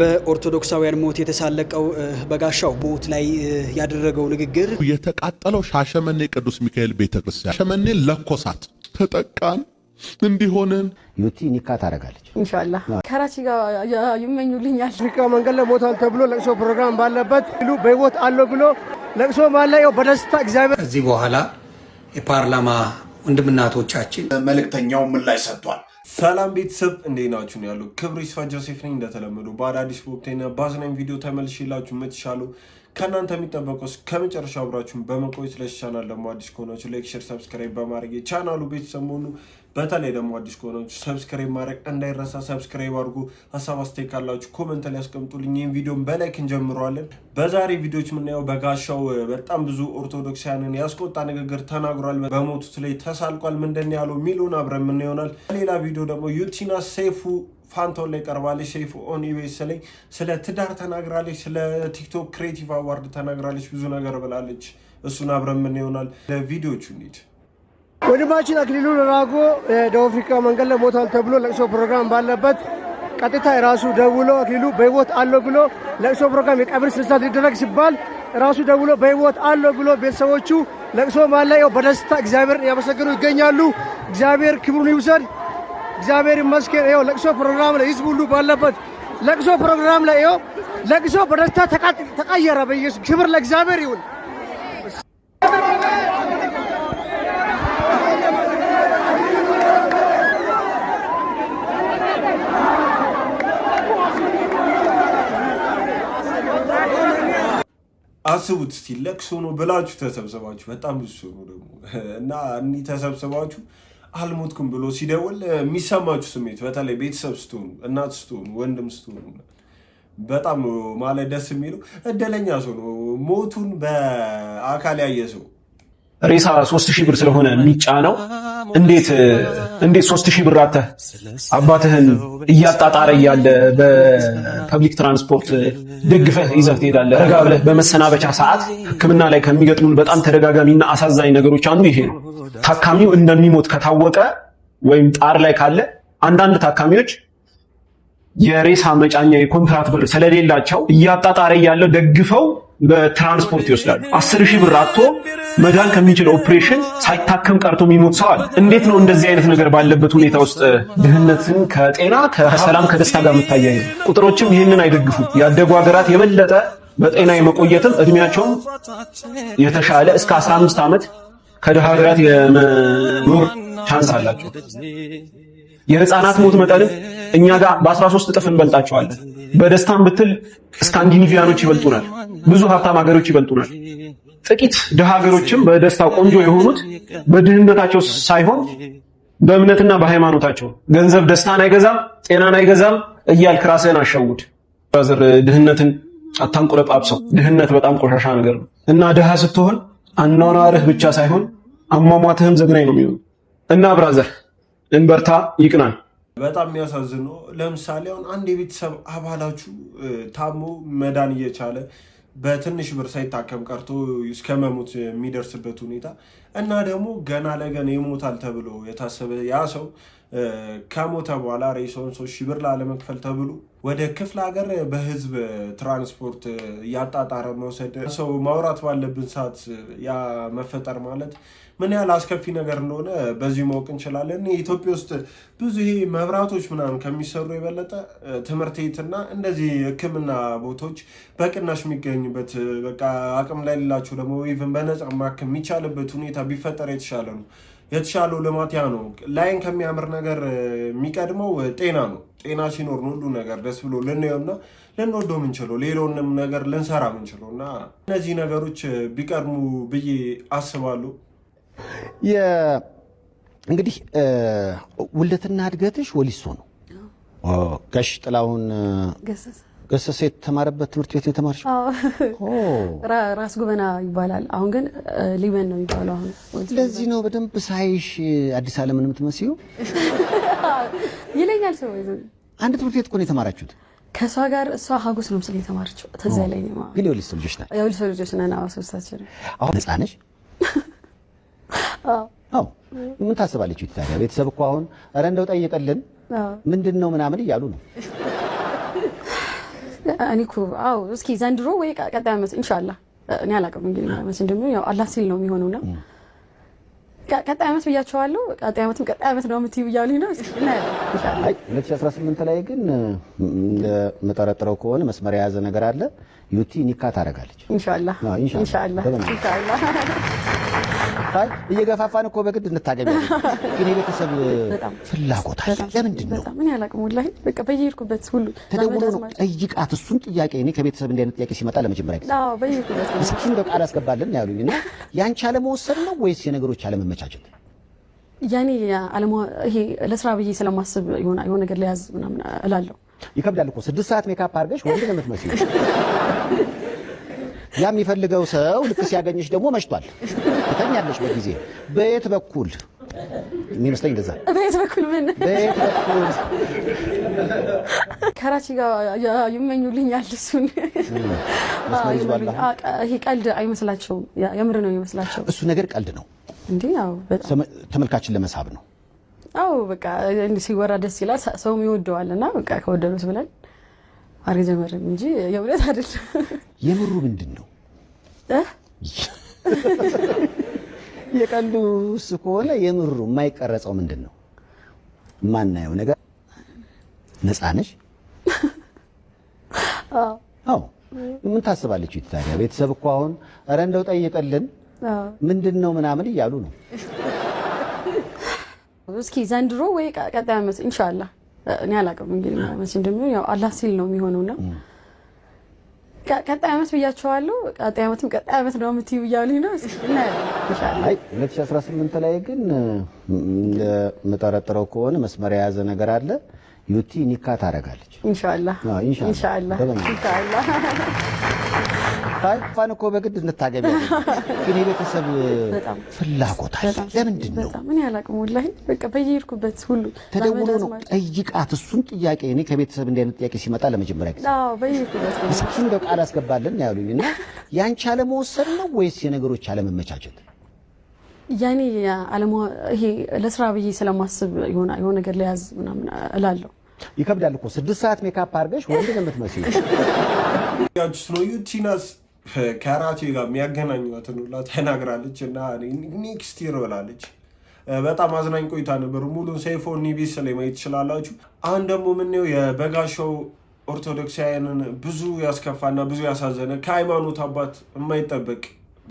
በኦርቶዶክሳውያን ሞት የተሳለቀው በጋሻው ቦት ላይ ያደረገው ንግግር የተቃጠለው ሻሸመኔ የቅዱስ ሚካኤል ቤተ ክርስቲያን ሻሸመኔን ለኮሳት ተጠቃን እንዲሆንን ዩቲ ኒካ ታደርጋለች። እንሻላ ከራቺ ጋር ይመኙልኛል። ኒካ መንገድ ላይ ሞቷል ተብሎ ለቅሶ ፕሮግራም ባለበት ሉ በህይወት አለው ብሎ ለቅሶ ባለው በደስታ እግዚአብሔር ከዚህ በኋላ የፓርላማ ወንድምናቶቻችን መልእክተኛው ምላሽ ሰጥቷል። ሰላም ቤተሰብ እንዴት ናችሁ? ነው ያለው ክብሩ ይስፋ ጆሴፍ ነኝ። እንደተለመደው በአዳዲስ ወቅታዊና በአዝናኝ ቪዲዮ ተመልሼላችሁ መጥቻለሁ። ከእናንተ የሚጠበቀው ከመጨረሻ አብራችሁን በመቆየት ለዚህ ቻናል ደግሞ አዲስ ከሆናችሁ ላይክ፣ ሼር፣ ሰብስክራይብ በማድረግ የቻናሉ ቤተሰብ መሆኑ በተለይ ደግሞ አዲስ ከሆናችሁ ሰብስክራይብ ማድረግ እንዳይረሳ። ሰብስክራይብ አድርጎ ሀሳብ አስተያየት ካላችሁ ኮመንት ላይ ያስቀምጡልኝ። ይህን ቪዲዮን በላይክ እንጀምረዋለን። በዛሬ ቪዲዮች የምናየው በጋሻው በጣም ብዙ ኦርቶዶክሳውያንን ያስቆጣ ንግግር ተናግሯል። በሞቱት ላይ ተሳልቋል። ምንድን ያለው የሚሉን አብረን ምን ይሆናል። ሌላ ቪዲዮ ደግሞ ዩቲና ሴፉ ፋንቶን ላይ ቀርባለች። ሴፍ ኦን ላይ ስለ ትዳር ተናግራለች። ስለ ቲክቶክ ክሬቲቭ አዋርድ ተናግራለች። ብዙ ነገር ብላለች። እሱን አብረን ምን ይሆናል። ለቪዲዮቹ እንሂድ። ወንድማችን አክሊሉ ለራጎ ደቡብ አፍሪካ መንገድ ላይ ሞቷል ተብሎ ለቅሶ ፕሮግራም ባለበት ቀጥታ የራሱ ደውሎ አክሊሉ በህይወት አለው ብሎ ለቅሶ ፕሮግራም የቀብር ስነ ሊደረግ ሲባል ራሱ ደውሎ በህይወት አለው ብሎ ቤተሰቦቹ ለቅሶ ማለየው በደስታ እግዚአብሔር ያመሰግኑ ይገኛሉ። እግዚአብሔር ክብሩን ይውሰድ። እግዚአብሔር ይመስገን። ይኸው ለቅሶ ፕሮግራም ላይ ህዝብ ሁሉ ባለበት ለቅሶ ፕሮግራም ላይ ይኸው ለቅሶ በደስታ ተቀየረ። በኢየሱስ ክብር ለእግዚአብሔር ይሁን። አስቡት እስቲ ለቅሶ ነው ብላችሁ ተሰብሰባችሁ፣ በጣም ብዙ ሰው ነው ደግሞ እና እኒህ ተሰብሰባችሁ አልሞትኩም ብሎ ሲደውል የሚሰማችሁ ስሜት በተለይ ቤተሰብ ስትሆኑ፣ እናት ስትሆኑ፣ ወንድም ስትሆኑ በጣም ማለት ደስ የሚለው። እድለኛ ሰው ነው ሞቱን በአካል ያየ ሰው ሬሳ ሶስት ሺህ ብር ስለሆነ የሚጫነው እንዴት እንዴት ሶስት ሺህ ብር አተህ አባትህን እያጣጣረ እያለ በፐብሊክ ትራንስፖርት ደግፈህ ይዘህ ትሄዳለህ። ረጋ ብለህ በመሰናበቻ ሰዓት ሕክምና ላይ ከሚገጥሙን በጣም ተደጋጋሚና አሳዛኝ ነገሮች አንዱ ይሄ ነው። ታካሚው እንደሚሞት ከታወቀ ወይም ጣር ላይ ካለ አንዳንድ ታካሚዎች የሬሳ መጫኛ የኮንትራት ብር ስለሌላቸው እያጣጣረ እያለ ደግፈው በትራንስፖርት ይወስዳሉ። አስር ሺህ ብር አጥቶ መዳን ከሚችል ኦፕሬሽን ሳይታከም ቀርቶ የሚሞት ሰው አለ። እንዴት ነው እንደዚህ አይነት ነገር ባለበት ሁኔታ ውስጥ ድህነትን ከጤና ከሰላም ከደስታ ጋር የምታያይ? ቁጥሮችም ይህንን አይደግፉም። ያደጉ ሀገራት የበለጠ በጤና የመቆየትም እድሜያቸውም የተሻለ እስከ 15 ዓመት ከደሃ ሀገራት የመኖር ቻንስ አላቸው። የህፃናት ሞት መጠንም እኛ ጋር በ13 እጥፍ እንበልጣቸዋለን። በደስታም ብትል ስካንዲኒቪያኖች ይበልጡናል። ብዙ ሀብታም ሀገሮች ይበልጡናል። ጥቂት ድሃ ሀገሮችም በደስታ ቆንጆ የሆኑት በድህነታቸው ሳይሆን በእምነትና በሃይማኖታቸው። ገንዘብ ደስታን አይገዛም፣ ጤናን አይገዛም እያልክ ራስህን አሸውድ። ብራዘር ድህነትን አታንቆለጳጵሰው። ድህነት በጣም ቆሻሻ ነገር ነው እና ድሃ ስትሆን አኗኗርህ ብቻ ሳይሆን አሟሟትህም ዘግናኝ ነው የሚሆነው እና ብራዘር እንበርታ፣ ይቅናል። በጣም የሚያሳዝን ነው። ለምሳሌ አሁን አንድ የቤተሰብ አባላችሁ ታሞ መዳን እየቻለ በትንሽ ብር ሳይታከም ቀርቶ እስከ መሞት የሚደርስበት ሁኔታ እና ደግሞ ገና ለገና ይሞታል ተብሎ የታሰበ ያ ሰው ከሞተ በኋላ ሬሳውን ሶስት ሺህ ብር ላለመክፈል ተብሎ ወደ ክፍለ ሀገር በህዝብ ትራንስፖርት እያጣጣረ መውሰድ ሰው ማውራት ባለብን ሰዓት ያ መፈጠር ማለት ምን ያህል አስከፊ ነገር እንደሆነ በዚሁ ማወቅ እንችላለን። ኢትዮጵያ ውስጥ ብዙ ይሄ መብራቶች ምናምን ከሚሰሩ የበለጠ ትምህርት ቤትና እንደዚህ ሕክምና ቦታዎች በቅናሽ የሚገኙበት በቃ አቅም ላይ ሌላቸው ደግሞ ኢቭን በነጻ ማከም የሚቻልበት ሁኔታ ቢፈጠር የተሻለ ነው። የተሻለው ልማት ያ ነው። ላይን ከሚያምር ነገር የሚቀድመው ጤና ነው። ጤና ሲኖር ሁሉ ነገር ደስ ብሎ ልናየውና ልንወደው ምንችለው ሌላውንም ነገር ልንሰራ ምንችለው እና እነዚህ ነገሮች ቢቀድሙ ብዬ አስባለሁ። እንግዲህ ውልደትና እድገትሽ ወሊሶ ነው። ጋሽ ጥላሁን ገሰሰ የተማረበት ትምህርት ቤት የተማርሽ? ራስ ጉበና ይባላል። አሁን ግን ሊበን ነው የሚባለው። አሁን ስለዚህ ነው በደንብ ሳይሽ አዲስ ዓለምን የምትመስዩ ይለኛል ሰው። አንድ ትምህርት ቤት እኮ ነው የተማራችሁት? ከእሷ ጋር እሷ ሀጎስ ነው ምስል የተማረችው። ተዛ ላይ ግን የወሊድ ሰው ልጆች ናቸው። የወሊድ ሰው ልጆች ነን ሶስታችን። አሁን ነፃ ነሽ? አዎ። ምን ታስባለች ታዲያ? ቤተሰብ እኮ አሁን ኧረ እንደው ጠይቀልን ምንድን ነው ምናምን እያሉ ነው እኔ እኮ አዎ፣ እስኪ ዘንድሮ ወይ ቀጣይ ዓመት ኢንሻላህ እኔ አላውቅም እንግዲህ ዓመት እንደሚሆን ያው አላህ ሲል ነው የሚሆነው እና ቀጣይ ዓመት ብያቸዋለሁ። ቀጣይ ዓመትም ቀጣይ ዓመት ነው የምትይው ብያለኝ ነው። ሁለት ሺህ አስራ ላይ ግን እንደምጠረጥረው ከሆነ መስመር የያዘ ነገር አለ። ዩቲ ኒካ ታደርጋለች ኢንሻላህ ኢንሻላህ። እየገፋፋን እኮ በግድ እንታገቢ ግን የቤተሰብ ፍላጎት ለምንድን ነው? ምን ያላቅሙላ በየሄድኩበት ሁሉ ተደውሎ ነው ጠይቃት፣ እሱን ጥያቄ እኔ ከቤተሰብ እንዲህ ዓይነት ጥያቄ ሲመጣ ለመጀመሪያ ጊዜ እስኪ እንደው ቃል አስገባልን ያሉኝ እና ያንቺ አለመወሰን ነው ወይስ የነገሮች አለመመቻቸት? ያኔ ይሄ ለስራ ብዬ ስለማስብ የሆነ ነገር ለያዝ ምናምን እላለሁ። ይከብዳል እኮ ስድስት ሰዓት ሜካፕ አድርገሽ ወንድ ነው የምትመስለው ያ የሚፈልገው ሰው ልክ ሲያገኝሽ ደግሞ መሽቷል፣ ትተኛለሽ። በጊዜ በየት በኩል የሚመስለኝ እንደዛ በየት በኩል ምን በየት በኩል ከራቺ ጋር ይመኙልኛል። እሱን ይሄ ቀልድ አይመስላቸውም፣ የምር ነው ይመስላቸው። እሱ ነገር ቀልድ ነው እንዴ? ያው ተመልካችን ለመሳብ ነው። አዎ በቃ ሲወራ ደስ ይላል፣ ሰውም ይወደዋል። እና በቃ ከወደዱት ብለን አልጀመረም እንጂ የእውነት አይደለም። የምሩ ምንድን ነው የቀልዱ እሱ ከሆነ የምሩ የማይቀረጸው ምንድን ነው የማናየው ነገር? ነፃ ነሽ? አዎ። ምን ታስባለች ታዲያ? ቤተሰብ እኮ አሁን ኧረ እንደው ጠይቀልን ምንድን ነው ምናምን እያሉ ነው። እስኪ ዘንድሮ ወይ ቀጣይ ዓመት ኢንሻላህ እኔ አላውቅም እንግዲህ መቼ እንደሚሆን ያው አላህ ሲል ነው የሚሆነው። እና ቀጣይ አመት ብያቸዋለሁ። ቀጣይ አመትም ቀጣይ አመት ነው የምትይው እያሉኝ ነው። አይ 2018 ላይ ግን እንደምጠረጥረው ከሆነ መስመር የያዘ ነገር አለ። ዩቲ ኒካ ታደርጋለች። ኢንሻአላህ ኢንሻአላህ ኢንሻአላህ። እንኳን እኮ በግድ እንታገቢ ግን የቤተሰብ ፍላጎት አለ። ለምንድን ነው ምን ያላቅም ላይ በቃ በየሄድኩበት ሁሉ ተደውሎ ነው ጠይቃት። እሱን ጥያቄ እኔ ከቤተሰብ እንዲህ ዓይነት ጥያቄ ሲመጣ ለመጀመሪያ ጊዜ እስኪ እንደው ቃል አስገባለን ያሉኝ እና ያንቺ አለመወሰን ነው ወይስ የነገሮች አለመመቻቸት? ያኔ ይሄ ለስራ ብዬ ስለማስብ የሆነ ነገር ለያዝ ምናምን እላለሁ። ይከብዳል እኮ ስድስት ሰዓት ሜካፕ አድርገሽ ወንድ ነው የምትመስይው። ከራቴ ጋር የሚያገናኟትን ሁላ ተናግራለች እና ኔክስት ይር ብላለች። በጣም አዝናኝ ቆይታ ነበር። ሙሉን ሰይፉ ኒቢስ ላይ ማየት ትችላላችሁ። አሁን ደግሞ ምንየው የበጋሻው ኦርቶዶክሳውያንን ብዙ ያስከፋና ብዙ ያሳዘነ ከሃይማኖት አባት የማይጠበቅ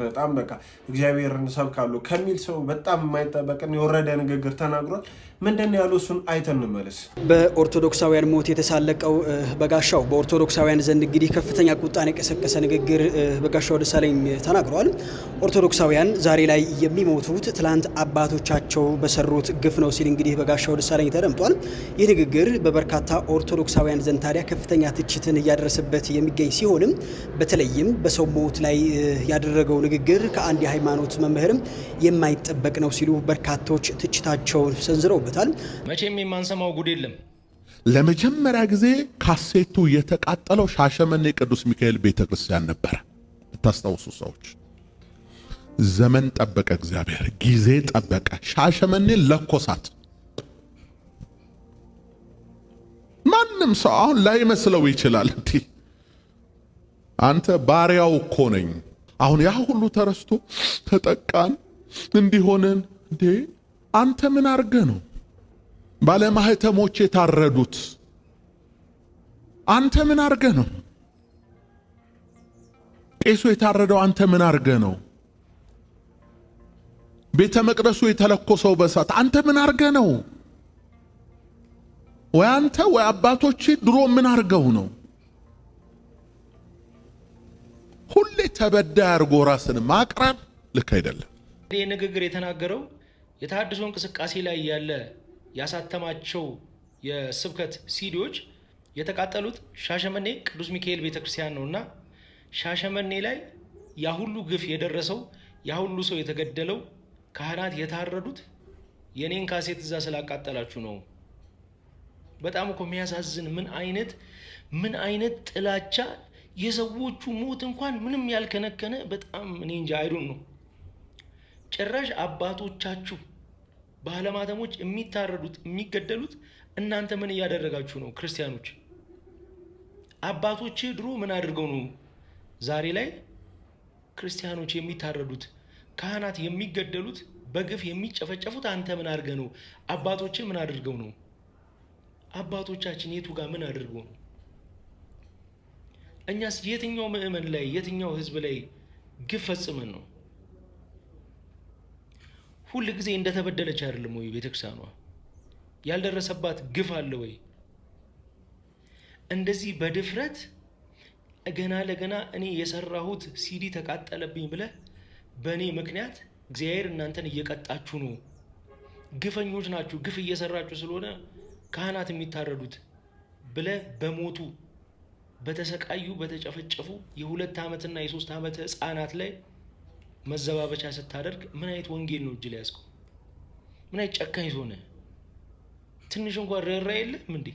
በጣም በቃ እግዚአብሔርን ሰብካለሁ ከሚል ሰው በጣም የማይጠበቅን የወረደ ንግግር ተናግሯል። ምንድን ያሉ እሱን አይተን እንመለስ። በኦርቶዶክሳውያን ሞት የተሳለቀው በጋሻው በኦርቶዶክሳውያን ዘንድ እንግዲህ ከፍተኛ ቁጣን የቀሰቀሰ ንግግር በጋሻው ደሳለኝ ተናግረዋል። ኦርቶዶክሳውያን ዛሬ ላይ የሚሞቱት ትላንት አባቶቻቸው በሰሩት ግፍ ነው ሲል እንግዲህ በጋሻው ደሳለኝ ተደምጧል። ይህ ንግግር በበርካታ ኦርቶዶክሳውያን ዘንድ ታዲያ ከፍተኛ ትችትን እያደረሰበት የሚገኝ ሲሆንም በተለይም በሰው ሞት ላይ ያደረገው ንግግር ከአንድ የሃይማኖት መምህርም የማይጠበቅ ነው ሲሉ በርካቶች ትችታቸውን ሰንዝረው ይገባበታል። መቼም የማንሰማው ጉድ የለም። ለመጀመሪያ ጊዜ ካሴቱ የተቃጠለው ሻሸመኔ ቅዱስ ሚካኤል ቤተክርስቲያን ነበረ። ብታስታውሱ ሰዎች ዘመን ጠበቀ፣ እግዚአብሔር ጊዜ ጠበቀ። ሻሸመኔ ለኮሳት። ማንም ሰው አሁን ላይመስለው ይችላል። እንዲህ አንተ ባሪያው እኮ ነኝ። አሁን ያ ሁሉ ተረስቶ ተጠቃን እንዲሆንን እንዴ አንተ ምን አድርገ ነው ባለማህተሞች የታረዱት አንተ ምን አርገ ነው? ቄሱ የታረደው አንተ ምን አርገ ነው? ቤተ መቅደሱ የተለኮሰው በሳት አንተ ምን አርገ ነው? ወይ አንተ ወይ አባቶች ድሮ ምን አርገው ነው? ሁሌ ተበዳይ አርጎ ራስን ማቅረብ ልክ አይደለም። ይህ ንግግር የተናገረው የተሃድሶ እንቅስቃሴ ላይ ያለ ያሳተማቸው የስብከት ሲዲዎች የተቃጠሉት ሻሸመኔ ቅዱስ ሚካኤል ቤተክርስቲያን ነው እና ሻሸመኔ ላይ ያሁሉ ግፍ የደረሰው ያሁሉ ሰው የተገደለው ካህናት የታረዱት የኔን ካሴት እዛ ስላቃጠላችሁ ነው። በጣም እኮ የሚያሳዝን ምን አይነት ምን አይነት ጥላቻ የሰዎቹ ሞት እንኳን ምንም ያልከነከነ በጣም እኔ እንጃ አይዱን ነው ጭራሽ አባቶቻችሁ ባለማተሞች የሚታረዱት የሚገደሉት እናንተ ምን እያደረጋችሁ ነው? ክርስቲያኖች አባቶች ድሮ ምን አድርገው ነው ዛሬ ላይ ክርስቲያኖች የሚታረዱት ካህናት የሚገደሉት በግፍ የሚጨፈጨፉት አንተ ምን አድርገ ነው? አባቶች ምን አድርገው ነው? አባቶቻችን የቱ ጋር ምን አድርገው ነው? እኛስ የትኛው ምዕመን ላይ የትኛው ህዝብ ላይ ግፍ ፈጽመን ነው? ሁል ጊዜ እንደተበደለች አይደለም ወይ ቤተክርስቲያኗ? ያልደረሰባት ግፍ አለ ወይ? እንደዚህ በድፍረት ገና ለገና እኔ የሰራሁት ሲዲ ተቃጠለብኝ ብለ በእኔ ምክንያት እግዚአብሔር እናንተን እየቀጣችሁ ነው፣ ግፈኞች ናችሁ፣ ግፍ እየሰራችሁ ስለሆነ ካህናት የሚታረዱት ብለ በሞቱ በተሰቃዩ በተጨፈጨፉ የሁለት ዓመትና የሶስት ዓመት ህፃናት ላይ መዘባበቻ ስታደርግ ምን አይነት ወንጌል ነው እጅ ላይ ያዝከው? ምን አይነት ጨካኝ ሰው ትንሽ እንኳን ርኅራ የለም እንዴ?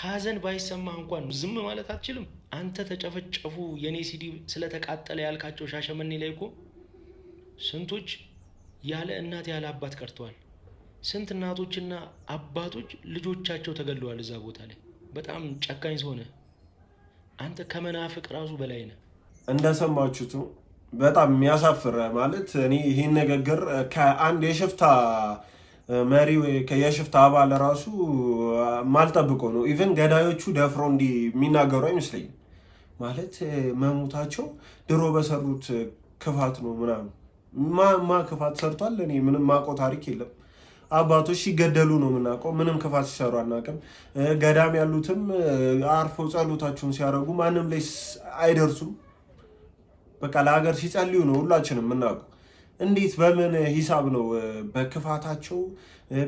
ሀዘን ባይሰማህ እንኳን ዝም ማለት አትችልም? አንተ ተጨፈጨፉ የኔ ሲዲ ስለተቃጠለ ያልካቸው ሻሸመኔ ላይ እኮ ስንቶች ያለ እናት ያለ አባት ቀርተዋል። ስንት እናቶችና አባቶች ልጆቻቸው ተገለዋል እዛ ቦታ ላይ። በጣም ጨካኝ ሰው አንተ። ከመናፍቅ ራሱ በላይ ነህ። እንደሰማችሁት በጣም የሚያሳፍር ማለት እኔ ይህን ንግግር ከአንድ የሽፍታ መሪ የሽፍታ አባል ራሱ ማልጠብቆ ነው። ኢቨን ገዳዮቹ ደፍሮ እንዲህ የሚናገሩ አይመስለኝም። ማለት መሞታቸው ድሮ በሰሩት ክፋት ነው ምናምን ማማ ክፋት ሰርቷል። እኔ ምንም ማቆ ታሪክ የለም። አባቶች ሲገደሉ ነው የምናውቀው። ምንም ክፋት ሲሰሩ አናውቅም። ገዳም ያሉትም አርፎ ጸሎታቸውን ሲያደርጉ ማንም ላይ አይደርሱም። በቃ ለሀገር ሲጸልዩ ነው ሁላችንም የምናውቀው። እንዴት በምን ሂሳብ ነው በክፋታቸው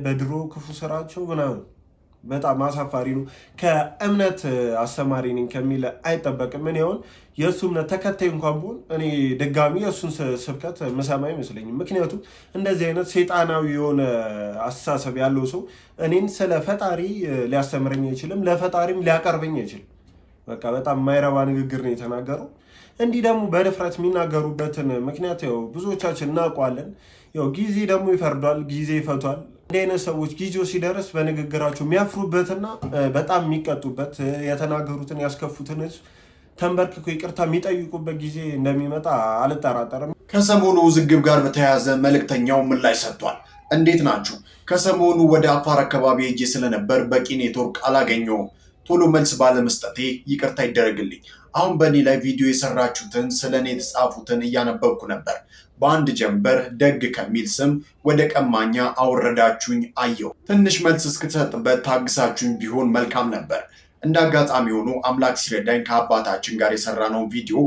በድሮ ክፉ ስራቸው ምናምን በጣም አሳፋሪ ነው። ከእምነት አስተማሪ ነኝ ከሚል አይጠበቅም። እኔ አሁን የእሱ እምነት ተከታይ እንኳን ብሆን እኔ ድጋሚ የእሱን ስብከት ምሰማ አይመስለኝም። ምክንያቱም እንደዚህ አይነት ሴጣናዊ የሆነ አስተሳሰብ ያለው ሰው እኔን ስለ ፈጣሪ ሊያስተምረኝ አይችልም፣ ለፈጣሪም ሊያቀርበኝ አይችልም። በቃ በጣም የማይረባ ንግግር ነው የተናገረው። እንዲህ ደግሞ በድፍረት የሚናገሩበትን ምክንያት ያው ብዙዎቻችን እናውቀዋለን። ያው ጊዜ ደግሞ ይፈርዷል፣ ጊዜ ይፈቷል። እንዲህ አይነት ሰዎች ጊዜው ሲደርስ በንግግራቸው የሚያፍሩበትና በጣም የሚቀጡበት የተናገሩትን ያስከፉትን ሕዝብ ተንበርክኮ ይቅርታ የሚጠይቁበት ጊዜ እንደሚመጣ አልጠራጠርም። ከሰሞኑ ውዝግብ ጋር በተያያዘ መልእክተኛው ምላሽ ሰጥቷል። እንዴት ናችሁ? ከሰሞኑ ወደ አፋር አካባቢ ሄጄ ስለነበር በቂ ኔትወርክ አላገኘውም ቶሎ መልስ ባለመስጠቴ ይቅርታ ይደረግልኝ። አሁን በእኔ ላይ ቪዲዮ የሰራችሁትን ስለ እኔ የተጻፉትን እያነበብኩ ነበር። በአንድ ጀንበር ደግ ከሚል ስም ወደ ቀማኛ አወረዳችሁኝ አየሁ። ትንሽ መልስ እስክትሰጥበት ታግሳችሁኝ ቢሆን መልካም ነበር። እንደ አጋጣሚ ሆኖ አምላክ ሲረዳኝ ከአባታችን ጋር የሰራነውን ቪዲዮ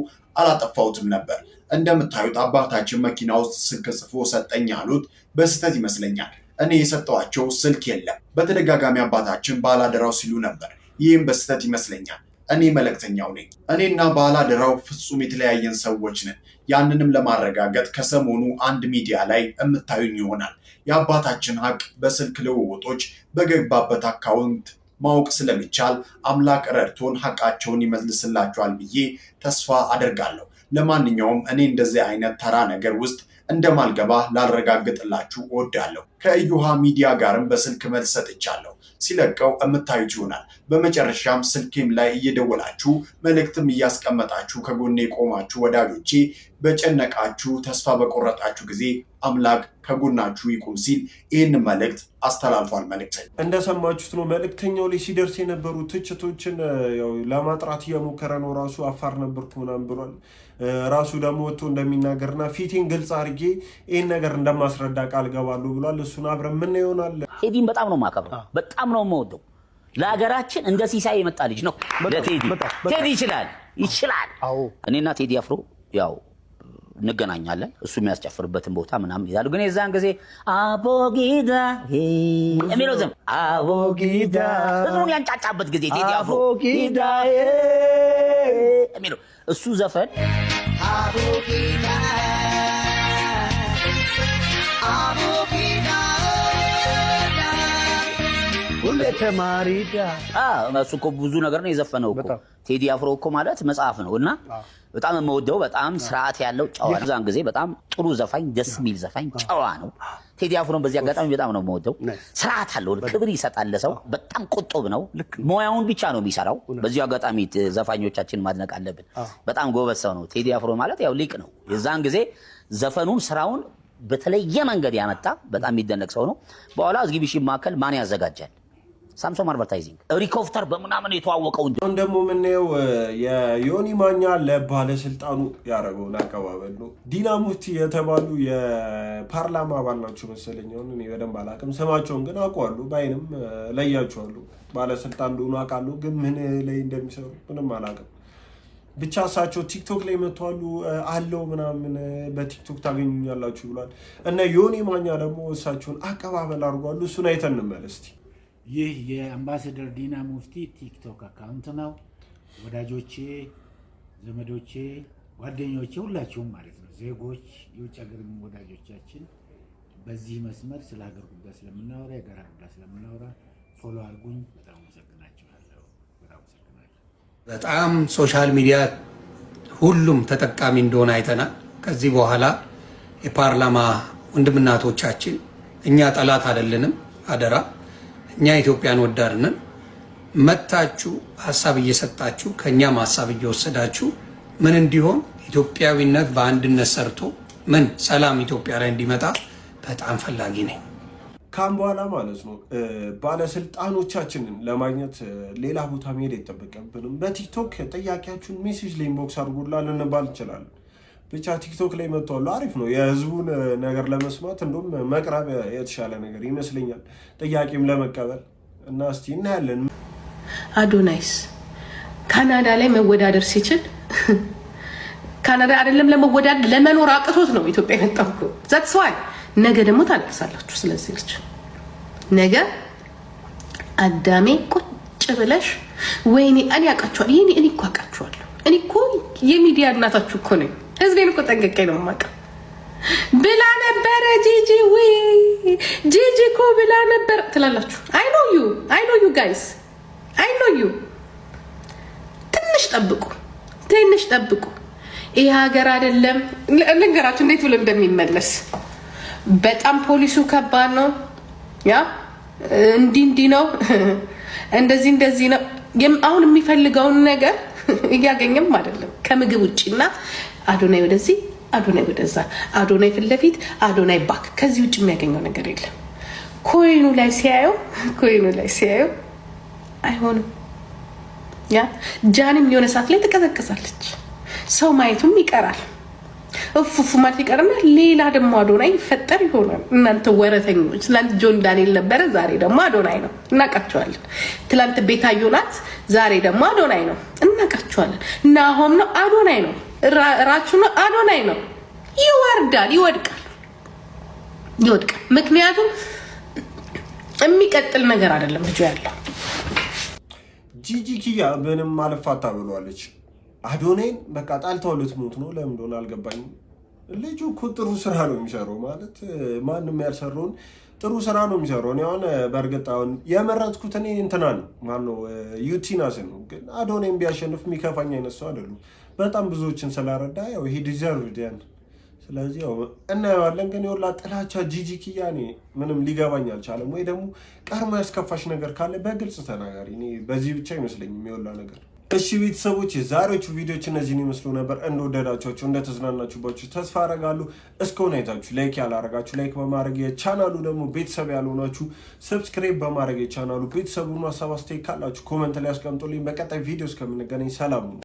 አላጠፋሁትም ነበር። እንደምታዩት አባታችን መኪና ውስጥ ስልክ ጽፎ ሰጠኝ ያሉት በስህተት ይመስለኛል። እኔ የሰጠኋቸው ስልክ የለም። በተደጋጋሚ አባታችን ባላደራው ሲሉ ነበር ይህም በስህተት ይመስለኛል። እኔ መልእክተኛው ነኝ። እኔና ባላደራው ፍጹም የተለያየን ሰዎች ነን። ያንንም ለማረጋገጥ ከሰሞኑ አንድ ሚዲያ ላይ የምታዩኝ ይሆናል። የአባታችን ሀቅ በስልክ ልውውጦች በገባበት አካውንት ማወቅ ስለሚቻል አምላክ ረድቶን ሀቃቸውን ይመልስላቸዋል ብዬ ተስፋ አደርጋለሁ። ለማንኛውም እኔ እንደዚህ አይነት ተራ ነገር ውስጥ እንደማልገባ ላረጋግጥላችሁ እወዳለሁ። ከእዩሃ ሚዲያ ጋርም በስልክ መልስ ሰጥቻለሁ። ሲለቀው የምታዩት ይሆናል። በመጨረሻም ስልኬም ላይ እየደወላችሁ መልእክትም እያስቀመጣችሁ ከጎኔ የቆማችሁ ወዳጆቼ በጨነቃችሁ ተስፋ በቆረጣችሁ ጊዜ አምላክ ከጎናችሁ ይቁም ሲል ይህን መልእክት አስተላልፏል። መልእክት እንደሰማችሁት ነው። መልእክተኛው ላይ ሲደርስ የነበሩ ትችቶችን ለማጥራት እየሞከረ ነው። ራሱ አፋር ነበርኩ ምናምን ብሏል። ራሱ ደግሞ ወጥቶ እንደሚናገርና ፊቴን ግልጽ አድርጌ ይህን ነገር እንደማስረዳ ቃል ገባሉ ብሏል። እሱን አብረ ምን ይሆናል። ቴዲን በጣም ነው የማከብረው፣ በጣም ነው የምወደው። ለሀገራችን እንደ ሲሳይ የመጣ ልጅ ነው። ለቴዲ ቴዲ ይችላል ይችላል። እኔና ቴዲ አፍሮ ያው እንገናኛለን እሱ የሚያስጨፍርበትን ቦታ ምናምን ይዛሉ። ግን የዛን ጊዜ አቦጊዳ የሚለው ዝም አቦጊዳ ህዝቡን ያንጫጫበት ጊዜ ቴዲ አፍሮ የሚለው እሱ ዘፈን አቡ እሱ እኮ ብዙ ነገር ነው የዘፈነው እኮ ቴዲ አፍሮ እኮ ማለት መጽሐፍ ነው። እና በጣም የምወደው በጣም ስርዓት ያለው ጨዋ ነው። እዛን ጊዜ በጣም ጥሩ ዘፋኝ፣ ደስ የሚል ዘፋኝ፣ ጨዋ ነው። ቴዲ አፍሮን በዚህ አጋጣሚ በጣም ነው የምወደው። ስርዓት አለው፣ ክብር ይሰጣል ለሰው። በጣም ቁጡብ ነው። ሙያውን ብቻ ነው የሚሰራው። በዚሁ አጋጣሚ ዘፋኞቻችን ማድነቅ አለብን። በጣም ጎበዝ ሰው ነው ቴዲ አፍሮ ማለት ያው ሊቅ ነው። የዛን ጊዜ ዘፈኑን ስራውን በተለየ መንገድ ያመጣ በጣም የሚደነቅ ሰው ነው። በኋላ ዝግቢ ሺ ማን ያዘጋጃል ሳምሶም አድቨርታይዚንግ ሪኮፍተር በምናምን የተዋወቀው እንጂ ደግሞ የምናየው የዮኒ ማኛ ለባለስልጣኑ ያደረገውን አቀባበል ነው። ዲና ሙፍቲ የተባሉ የፓርላማ አባል ናቸው መሰለኝ፣ እኔ በደንብ አላውቅም። ስማቸውን ግን አውቀዋለሁ፣ በአይንም ለያቸዋለሁ። ባለስልጣን እንደሆኑ አውቃለሁ፣ ግን ምን ላይ እንደሚሰሩ ምንም አላውቅም። ብቻ እሳቸው ቲክቶክ ላይ መጥተዋሉ አለው ምናምን በቲክቶክ ታገኙኛላችሁ ብሏል። እና ዮኒ ማኛ ደግሞ እሳቸውን አቀባበል አድርጓሉ። እሱን አይተን እንመለስ እስኪ ይህ የአምባሳደር ዲና ሙፍቲ ቲክቶክ አካውንት ነው። ወዳጆቼ፣ ዘመዶቼ፣ ጓደኞቼ ሁላችሁም ማለት ነው ዜጎች፣ የውጭ ሀገር ወዳጆቻችን በዚህ መስመር ስለ ሀገር ጉዳይ ስለምናወራ የጋራ ጉዳይ ስለምናወራ ፎሎ አድርጉኝ። በጣም አመሰግናችኋለሁ። በጣም አመሰግናለሁ። በጣም ሶሻል ሚዲያ ሁሉም ተጠቃሚ እንደሆነ አይተናል። ከዚህ በኋላ የፓርላማ ወንድምናቶቻችን እኛ ጠላት አይደለንም፣ አደራ እኛ ኢትዮጵያን ወዳድነን መታችሁ ሀሳብ እየሰጣችሁ ከእኛም ሀሳብ እየወሰዳችሁ ምን እንዲሆን ኢትዮጵያዊነት በአንድነት ሰርቶ ምን ሰላም ኢትዮጵያ ላይ እንዲመጣ በጣም ፈላጊ ነኝ። ካም በኋላ ማለት ነው ባለስልጣኖቻችንን ለማግኘት ሌላ ቦታ መሄድ አይጠበቅብንም። በቲክቶክ ጥያቄያችሁን ሜሴጅ ላይ ኢንቦክስ አድርጎላል ልንባል እንችላለን። ብቻ ቲክቶክ ላይ መጥተዋሉ አሪፍ ነው። የህዝቡን ነገር ለመስማት እንዲሁም መቅረብ የተሻለ ነገር ይመስለኛል፣ ጥያቄም ለመቀበል እና እስቲ እናያለን። አዶናይስ ካናዳ ላይ መወዳደር ሲችል ካናዳ አይደለም ለመወዳደር ለመኖር አቅቶት ነው ኢትዮጵያ የመጣው። ዛትስ ዋይ ነገ ደግሞ ታለቅሳላችሁ። ስለዚህ ልጅ ነገ አዳሜ ቁጭ ብለሽ ወይኔ እኔ አውቃችኋለሁ፣ ይሄኔ እኔ እኮ አውቃችኋለሁ፣ እኔ እኮ የሚዲያ እናታችሁ እኮ ነኝ ህዝቤን እኮ ጠንቅቄ ነው የማውቀው ብላ ነበረ። ጂጂ ዊ ጂጂ ኮ ብላ ነበር ትላላችሁ። አይ ኖ ዩ አይ ኖ ዩ ጋይስ አይ ኖ ዩ። ትንሽ ጠብቁ፣ ትንሽ ጠብቁ። ይህ ሀገር አይደለም ልንገራችሁ እንዴት ብሎ እንደሚመለስ በጣም ፖሊሱ ከባድ ነው። ያ እንዲህ እንዲህ ነው እንደዚህ እንደዚህ ነው። አሁን የሚፈልገውን ነገር እያገኘም አይደለም ከምግብ ውጭና። እና አዶናይ ወደዚህ፣ አዶናይ ወደዛ፣ አዶናይ ፊት ለፊት፣ አዶናይ ባክ። ከዚህ ውጭ የሚያገኘው ነገር የለም። ኮይኑ ላይ ሲያየው ኮይኑ ላይ ሲያየው አይሆንም። ያ ጃንም የሆነ ሰዓት ላይ ትቀዘቅዛለች። ሰው ማየቱም ይቀራል። እፉፉ ማለት ይቀርና ሌላ ደግሞ አዶናይ ይፈጠር ይሆናል። እናንተ ወረተኞች፣ ትላንት ጆን ዳንኤል ነበረ፣ ዛሬ ደግሞ አዶናይ ነው። እናቃቸዋለን። ትላንት ቤታዮ ናት፣ ዛሬ ደግሞ አዶናይ ነው። እናውቃቸዋለን። ናሆም ነው፣ አዶናይ ነው። ራቹን አዶናይ ነው። ይወርዳል፣ ይወድቃል፣ ይወድቃል። ምክንያቱም የሚቀጥል ነገር አይደለም ልጁ ያለው። ጂጂ ኪያ ምንም አልፋታ ብሏለች። አዶናይን በቃ ጣልታው ልትሞት ነው። ለምን እንደሆነ አልገባኝም። ልጁ እኮ ጥሩ ስራ ነው የሚሰራው። ማለት ማንም ያልሰራውን ጥሩ ስራ ነው የሚሰራው። እኔ አሁን በእርግጥ አሁን የመረጥኩት እኔ እንትና ነው ማነው ዩቲናስ ነው። ግን አዶናይን ቢያሸንፍ የሚከፋኝ አይነት ሰው አይደሉም። በጣም ብዙዎችን ስላረዳ ያው ይሄ ዲዘርቭድ ያን ስለዚህ ያው እናየዋለን። ግን የወላ ጥላቻ ጂጂ ኪያ እኔ ምንም ሊገባኝ አልቻለም። ወይ ደግሞ ቀድሞ ያስከፋሽ ነገር ካለ በግልጽ ተናጋሪ። እኔ በዚህ ብቻ አይመስለኝም የወላ ነገር። እሺ ቤተሰቦች የዛሬዎቹ ቪዲዮዎች እነዚህን ይመስሉ ነበር። እንደወደዳቸዋቸው እንደተዝናናችሁባቸው ተስፋ አረጋሉ። እስከሆነ አይታችሁ ላይክ ያላረጋችሁ ላይክ በማድረግ የቻናሉ ደግሞ ቤተሰብ ያልሆናችሁ ሰብስክራይብ በማድረግ የቻናሉ ቤተሰቡን ሀሳብ አስተያየት ካላችሁ ኮመንት ላይ ያስቀምጡልኝ። በቀጣይ ቪዲዮ እስከምንገናኝ ሰላም ነው።